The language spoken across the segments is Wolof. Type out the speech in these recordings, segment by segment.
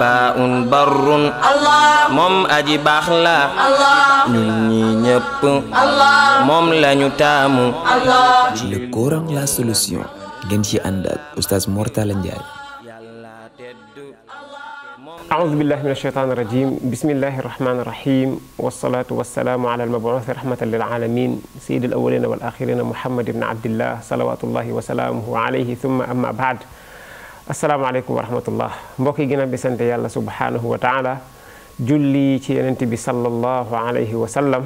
baun barrun moom aji baax la ñun ñi ñëpp moom lañu taamu le Coran la solution ngeen ci ànd ak oustaz Mortala Ndiaye aoudu billahi min asheytan irajim bismillahi irrahmani irrahim wasalaatu wasalaamu ala almabuuth rahmatan lilaalamin sayid alawalina walaxirina muhammad ibn abdillah salawatullahi wasalaamuhu alayhi thumma amma baad السلام عليكم ورحمة الله مبكي جنا بسنت يالله سبحانه وتعالى جولي تيرنتي بسال الله عليه وسلم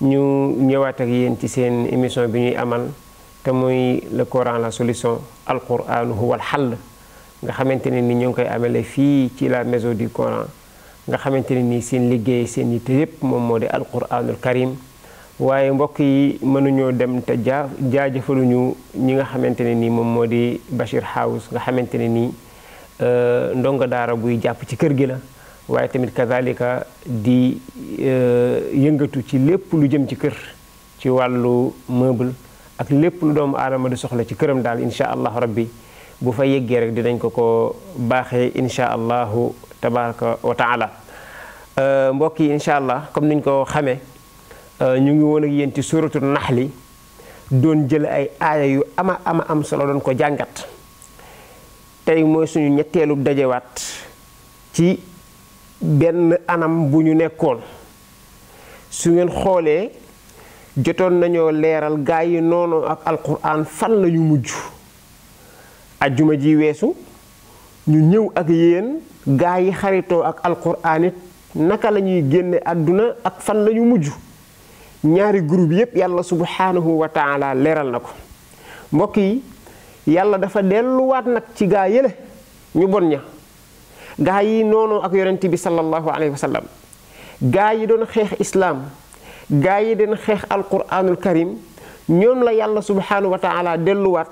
نيو نيواتك ينتي سين إميسون بني أمل تموي القرآن لسوليسون القرآن هو الحل nga xamanteni ni ñu ngi koy amalé fii ci la maison du coran nga xamanteni ni seen liggéey seen yitte yépp moom moo di alquranul karim waaye mbokk yi mënuñoo dem te jaa jaajëfaluñu ñi nga xamante ne nii moom moo di Bachir House nga xamante ne nii euh, ndongo daara buy jàpp ci kër gi la waaye tamit kazalika di euh, yëngatu ci lépp lu jëm ci kër ci wàllu meuble ak lépp lu doomu aadama di soxla ci këram daal incha allahu rabbi bu fa yeggee rek dinañ ko ko baaxee incha allahu tabaraka wa taala euh, mbokk yi incha allah comme niñ ko xamee Euh, ñu ngi woon ak yéen ci suratul naxli doon jël ay aaya yu ama ama am solo doon ko jàngat tey mooy suñu ñetteelu dajewaat ci benn anam bu ñu nekkoon su ngeen xoolee jotoon nañoo leeral gaa yi noonu ak alquran fan lañu mujj ajjuma ji weesu ñu ñëw ak yéen gaa yi xaritoo ak alquran it naka la ñuy génne àdduna ak fan lañu mujj ñaari groupe yépp yàlla subhaanahu wa taala leeral na ko mbokk yi yàlla dafa delluwaat nag ci gaa yële ñu bon ña gaa yi noonu ak yonent bi sallallahu alayhi wa sallam gaa yi doon xeex islaam gaa yi doon xeex alquraanul karim ñoom la yàlla subhaanahu wa taala delluwaat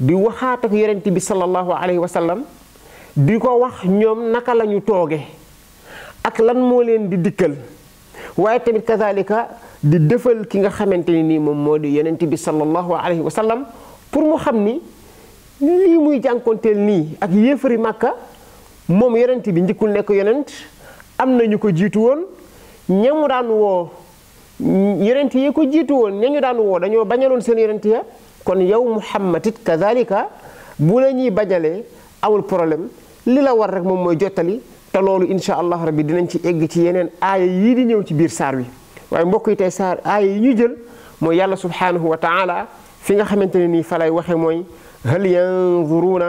di waxaat ak yonent bi sallallahu alayhi wa di ko wax ñoom naka lañu tooge ak lan moo leen di dikkal waaye tamit kazalika di defal ki nga xamante ni nii moom moo di yonent bi sallallahu alayhi wa sallam pour mu xam ni lii muy jànkonteel nii ak yéefari màkka moom yonent bi njëkkul nekk yonent am na ñu ko jiitu woon ñamu daan woo yonent yee ko jiitu woon ñañu daan woo dañoo bañaloon seen yonent ya kon yow muhammad it kazalika bu la ñuy bañalee amul problème li la war rek moom mooy jottali te loolu incha allah rabbi dinañ ci egg ci yeneen aaya yii di ñëw ci biir saar wi waaye mbokk yi tey saar aay yi ñu jël mooy yàlla subhanahu wa taala fi nga xamante ne nii fa lay waxe mooy hal yanzuruuna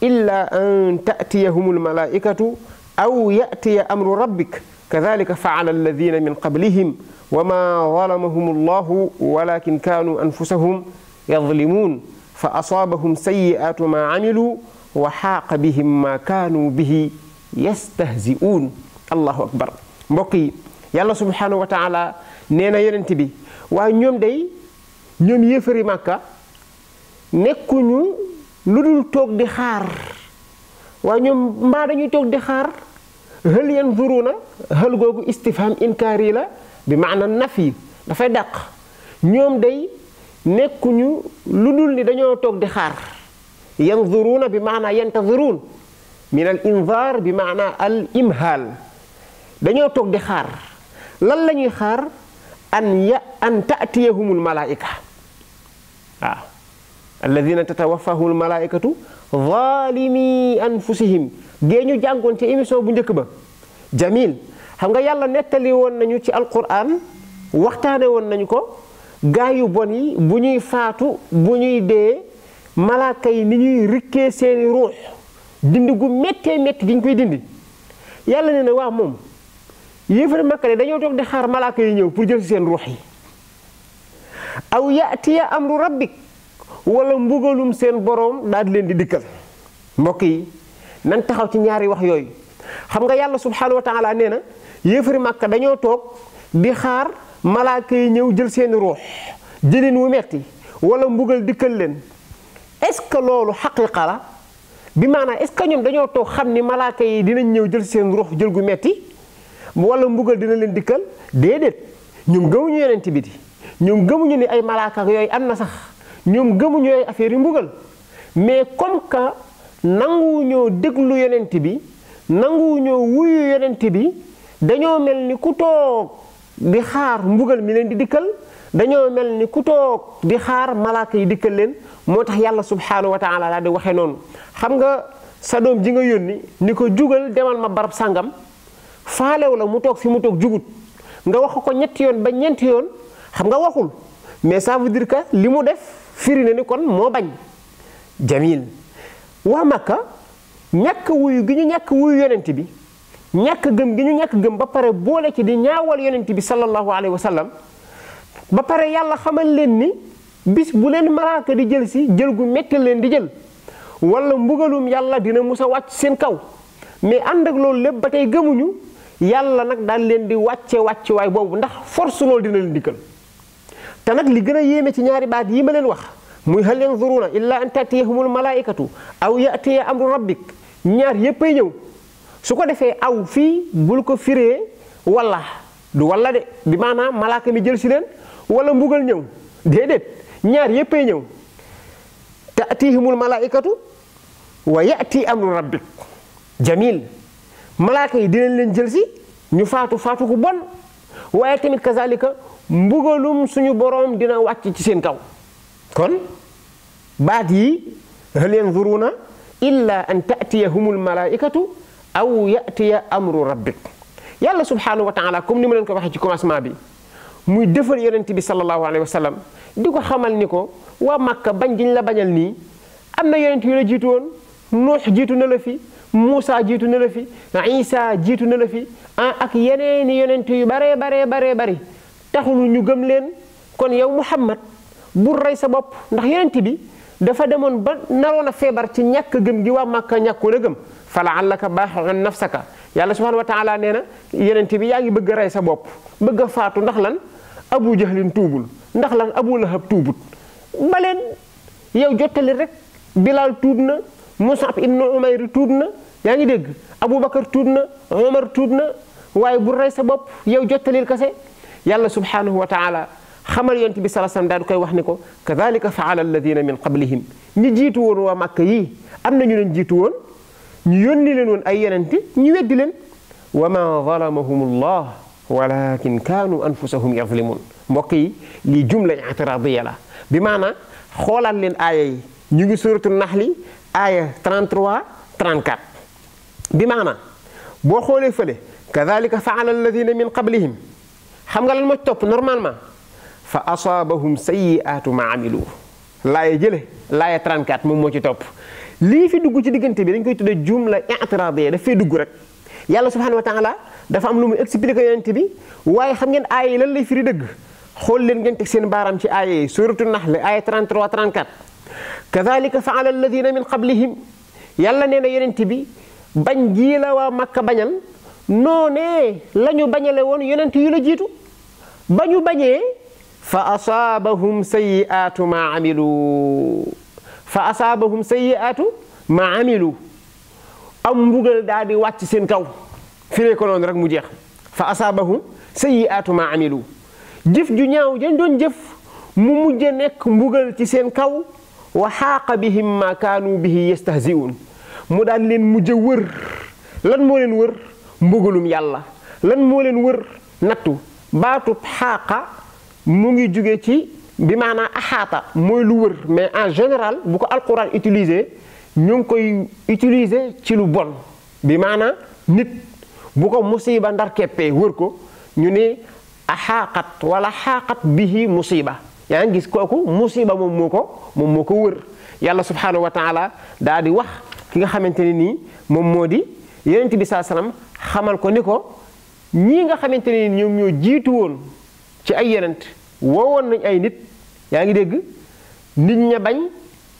illa an taatiyahum almalaikatu aw yatiya amru rabbik kadalika faala alladina min qablihim wama zalamahum allahu walakin kanu anfusahum yadlimuun fa asaabahum sayi'aatu ma amilu wa xaaqa bihim ma kaanu bihi yastahzi'uun allahu akbar mbokk yi yàlla subhaanahu wa nee na yonent bi waaye ñoom day ñoom yéefari màkka nekkuñu lu dul toog di xaar waaye ñoom mbaa dañuy toog di xaar hal yanzuruuna hal googu istifham inkaari la bi maana naf yi dafay dàq ñoom dey nekkuñu lu dul ni dañoo toog di xaar yanzuruuna bi maana yantaziruun min al inzaar bi maana al imhaal dañoo toog di xaar lan la ñuy xaar an ya an taatiyahumul malaayika waaw alladina tatawaffahumul malaayikatu zalimi anfusihim gée ñu jàngoon ci émission bu njëkk ba jamil xam nga yàlla nettali woon nañu ci alquran waxtaane woon nañu ko gaa yu bon yi bu ñuy faatu bu ñuy dee malaaka yi ni ñuy rikkee seeni ruux dindi gu méttee métti gi ñu koy dindi yàlla ne na waa moom yéefar makka ne dañoo toog di xaar malaaka yi ñëw pour jël seen ruux yi aw yaatiya amru rabbik wala seen boroom daal leen di dikkal mbokk yi nan taxaw ci ñaari wax yooyu xam nga yàlla subhaanahu wa taala nee na yéefari màkka dañoo toog di xaar malaaka ñëw jël seeni ruux jëlin wu metti wala mbugal dikkal leen est ce que loolu xaqiqa la bi maanaam est ce que ñoom dañoo toog xam ni malaaka yi dinañ ñëw jël seen ruux jël gu metti wala mbugal dina leen dikkal déedéet ñoom gëmuñu yonent bi di ñoom gëmuñu ni ay malaakaak yooyu am na sax ñoom gëmuñu yooyu affaire yu mbugal mais comme que nanguwuñoo déglu yonent bi nanguwuñoo wuyu yonent bi dañoo mel ni ku toog di xaar mbugal mi leen di dikkal dañoo mel ni ku toog di xaar malaaka yi dikkal leen moo tax yàlla subhaanahu wa taala di waxee noonu xam nga sa doom ji nga yónni ni ko jugal demal ma barab sàngam faalew la mu toog fi mu toog jugut nga wax ko ñetti yoon ba ñeenti yoon xam nga waxul mais ça veut que li mu def firi na ni kon moo bañ jamil waa Makka ñàkk wuyu gi ñu ñàkk wuyu yonent bi ñàkk gëm gi ñu ñàkk gëm ba pare boole ci di ñaawal yonent bi sallallahu alayhi wa sallam ba pare yàlla xamal leen ni bis bu leen malaaka di jël si jël gu metti leen di jël walla mbugalum yàlla dina musa wàcc seen kaw mais ànd ak loolu lépp ba tey gëmuñu yalla nak dal len di wacce wacce way bobu ndax force lol dina len dikkel ta nak li gëna yéme ci ñaari baat yi ma len wax muy hal yanzuruna illa an tatiyahumul malaikatu aw ya'ti amru rabbik ñaar yéppay ñew su ko defee aw fi bul ko firé wala du wala de bi maanaam malaaka mi jël ci len wala mbugal ñew déedéet ñaar yéppay ñew tatihumul malaikatu wa yati amru rabbik jamil malaaka yi dinañ leen jël si ñu faatu faatu gu bon waaye tamit kazalika mbugalum suñu borom dina wàcc ci seen kaw kon baat yi hal yanzuruna illa an taatiyahumul malaikatu aw yatiya amru rabbik yàlla subhanahu wa taala comme ni ma leen ko waxee ci commencement bi muy defal yonent bi sallallahu alayhi wa sallam di ko xamal ni ko waa Makka bañ giñ la bañal nii am na yonent yu la jiitu woon noox jiitu na la fi Moussa jiitu na la fi Isa jiitu na la fi ah ak yeneeni yonent yu baree baree baree bari taxul ñu gëm leen kon yow Muhammad bul rey sa bopp ndax yonent bi dafa demoon ba naroon a feebar ci ñàkk gëm gi waa Màkka ñàkkoon a gëm fa laallaka baaxiun nafsaka yàlla subhanahu wa taala nee na yonent bi yaa ngi bëgg rey sa bopp bëgg faatu ndax lan abu jahlin tuubul ndax lan abu lahab tuubut baleen yow jottali rek bilaal tuub na Musab ibnu Umayr tuub na yaa ngi dégg Aboubacar tuub na Omar tuub na waaye bu rey sa bopp yow jottalil kase yàlla subhanahu wa taala xamal yonent bi sallallahu alayhi wasallam daal di koy wax ni ko kadhalika faala alladina min qablihim ñi jiitu woon waa Màkka am na ñu leen jiitu woon ñu yónni leen woon ay yenente ñu weddi leen wa ma zalamahum llah walakin kaanu anfusahum yazlimun mbokk yi lii jumla i'tiradiya la bi maana xoolaat leen aaya yi ñu ngi suratul aaya 33 34 bi maana boo xoolee fële kadalika faala alladina min qablihim xam nga lan moo ma topp normalement fa asaabahum sayiaatu ma amilu laaya jële laaya 34 moom moo ci topp lii fi dugg ci diggante bi dañ koy tudde jumla i'tiradiya daf fee dugg rek yàlla subhanahu wa taala dafa am lu mu expliqué yonent bi waaye xam ngeen aaya yi lan lay firi dëgg xool leen ngeen teg seen baaraam ci aaya yi suratul nahl aaya 33 34 kadalika faala alladina min qablihim yàlla nee na yonent bi bañ gii la waa Makka bañal noonee la bañale woon yonent yu la jiitu bañu bañee fa asaabahum sayiaatu maa amilu fa asaabahum sayiaatu maa am mbugal daal di wàcc seen kaw firee ko noonu rek mu jeex fa asaabahum sayiaatu maa amilu jëf ju ñaaw dañ doon jëf mu mujj nekk mbugal ci seen kaw wa xaaqa bihim ma kaanu bihi yastahziun mu daan leen mujj a mooleen lan moo leen wër mbugalum yàlla lan moo leen wër nattu baatub xaaqa mu ngi jóge ci bi maanaam axaata mooy lu wër mais en général bu ko alquran utilisé ñu ngi koy utilisé ci lu bon bi maana nit bu ko musiba ndar keppee wër ko ñu ni ne axaaqat wala xaaqat bihi musiba yaa ngi gis kooku musiba moom moo ko moom moo ko wër yàlla subhaanahu wa taala daal di wax ki nga xamante ne nii moom moo di yonent bi saa salaam xamal ko ni ko ñii nga xamante ne nii ñoom ñoo jiitu woon ci ay yonent woowoon nañ ay nit yaa ngi dégg nit ña bañ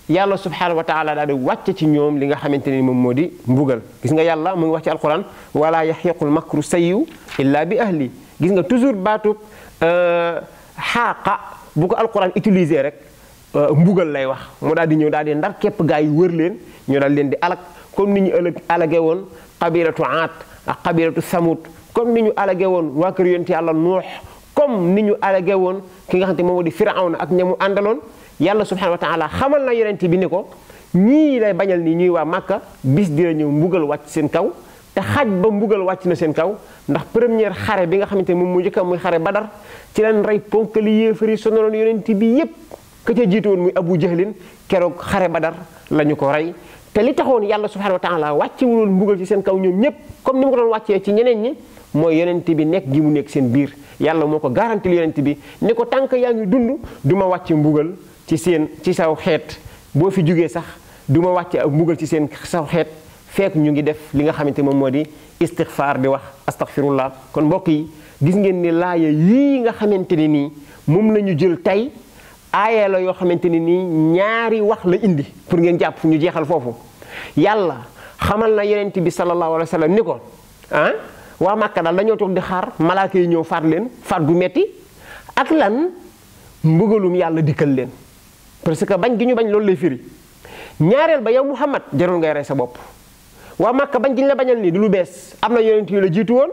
yàlla subhaanahu wa taala daal wàcce ci ñoom li nga xamante ne moom moo di mbugal gis nga yàlla mu ngi wax ci alquran wala yaxiqul makru sayyu illa bi ahli gis nga toujours baatub euh, xaaqa bu ko alquran utiliser rek euh, mbugal lay wax mu daal di ñëw daal di ndar képp gaa yi wër leen ñu daal leen di alag comme ni ñu ëllëg alage woon xabilatu aat ak xabilatu samut comme ni ñu alage woon waa kër yoon te yàlla nuux comme ni ñu alage woon ki nga xam te moom moo di na ak ñamu àndaloon yàlla subhanahu wa taala xamal na yonent bi ni ko ñii lay bañal ni ñuy waa màkka bis dina ñëw mbugal wàcc seen kaw te xaaj ba mbugal wàcc na seen kaw ndax première xare bi nga xamante ne moom mu njëkk muy xare Badar ci leen rey ponkali yéefar yi sonaloon yonent bi yépp ka ca jiitu woon muy Abu Jahlin xare Badar la ñu ko rey te li taxoon yàlla subhanahu wa taala wàcce wuloon mbugal ci seen kaw ñoom ñépp comme ni mu ko doon wàccee ci ñeneen ñi mooy yonent bi nekk gi mu nekk seen biir yàlla moo ko garantil yonent bi ni ko tànk yaa ngi dund du ma wàcce mbugal ci seen ci saw xeet boo fi jógee sax du ma wàcce mbugal ci seen saw xeet fek ñu ngi def li nga xamanteni mom modi istighfar wax astaghfirullah kon mbokk yi gis ngeen ni laaya yi nga xamanteni ni mom lañu jël tay la ni ñaari wax la indi pour ngeen japp ñu jéxal fofu yalla xamal na yenen bi sallallahu alaihi wasallam niko han wa ah dal dañu tok di xaar malaaka yi ñew faat leen faat bu metti ak lan mbugulum yalla leen parce que bañ gi bañ lolou lay firi ñaarel ba yow muhammad jarul ngay ray sa bop waa Makka bañ giñ la bañal nii du lu bees am na yonent yu la jiitu woon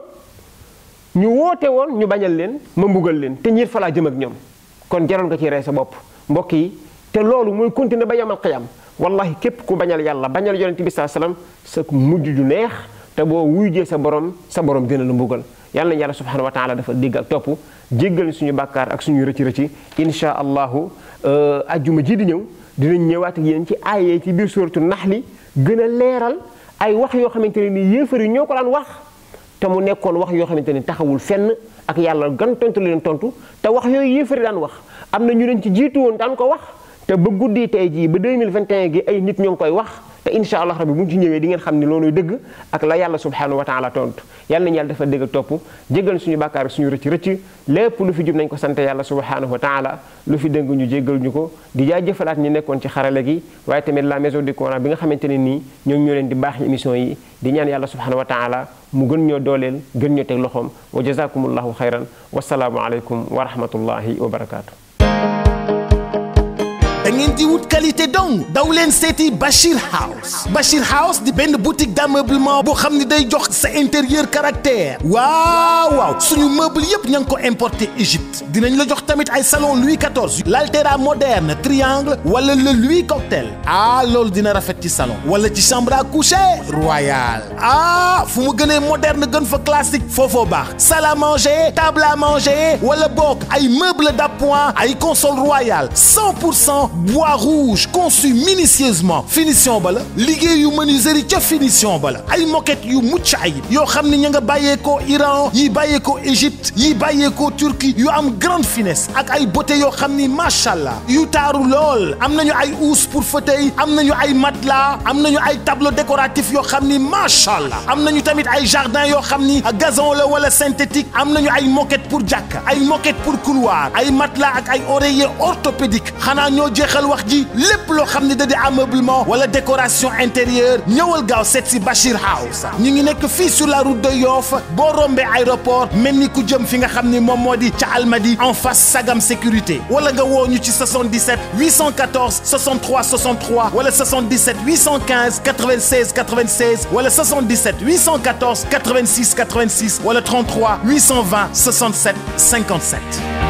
ñu woote woon ñu bañal leen ma mbugal leen te ñiir fa laa jëm ak ñoom kon jaroon nga ci rey sa bopp mbokk yi te loolu mooy continuer ba yamal xiyam wallahi képp ku bañal yàlla bañal yonent bi saa salaam sa mujj ju neex te boo wuyjee sa borom sa borom dina la mbugal yàlla nañu yàlla subhanahu wa taala dafa digg ak topp jéggal suñu bàkkaar ak suñu rëcc rëcc incha allahu euh, ajjuma ji di ñëw dinañ ñëwaat ak ci aayee ci biir suratu li gën a leeral ay wax yoo xamante ne ni yéefar yi ñoo ko daan wax te mu nekkoon wax yoo xamante ni taxawul fenn ak yàlla gan tontu leen tontu te wax yooyu yéefar yi daan wax am na ñu leen ci jiitu woon daan ko wax te ba guddi tey jii ba 2021 gi ay nit ñoo koy wax te incha allah rabbi mu ñu ci ñëwee di ngeen xam ne looluy dëgg ak la yàlla subhanahu wa taala tontu yàlla nañu yàlla dafa dëgg ak topp jéggal suñu bàkkaar suñu rëcc rëcc lépp lu fi jub nañ ko sant yàlla subhanahu wa taala lu fi dëng ñu jéggal ñu ko di jaajëfalaat ñi nekkoon ci xarale gi waaye tamit la maison du bi nga xamante ne nii ñoom ñoo leen di baax émission yi di ñaan yàlla subhanahu wa taala mu gën ñoo dooleel gën ñoo teg loxoom wa jazakumullahu xayran wasalaamu aleykum wa rahmatullahi wa barakaatu da ngeen qualité donc Dawlen leen Bashir Bachir House Bashir House di benn boutique d'ameublement Bo xamni day jox sa intérieur caractère Wow wow. suñu meuble yëpp ña ko importé Égypte dinañ la jox tamit ay salon Louis XIV l'altera moderne triangle wala le Louis cocktail ah lol dina rafet ci salon wala ci chambre à coucher royal ah fu mu moderne gën fa classique Fofo baax salle à manger table à manger wala bok ay meuble d'appoint ay console royal 100 bois rouge conçu minutieusement finition bala la liggéeyu menuiserie finition bala ay moquette yu mucc ayib yoo xam ne Iran yi ko Égypte yi ko Turquie yu am grande finesse ak ay beauté yo xamni ni yu taru lol amnañu ay housse pour fauteuil am ay matelas amnañu ay tableau décoratif yo xamni ni amnañu tamit ay jardin yo xamni gazon la wala synthétique amnañu ay moquette pour jàkka ay moquette pour couloir ay matelas ak ay oreiller orthopédique jeexal wax ji lépp lo décoration intérieure gaaw House ñi ngi sur la route de Yoff bo rombé aéroport melni ku jëm fi nga en face Sagam sécurité wala nga ci 77 814 63 63 wala 77 815 96 96 wala 77 814 86 86 wala 33 820 67 57.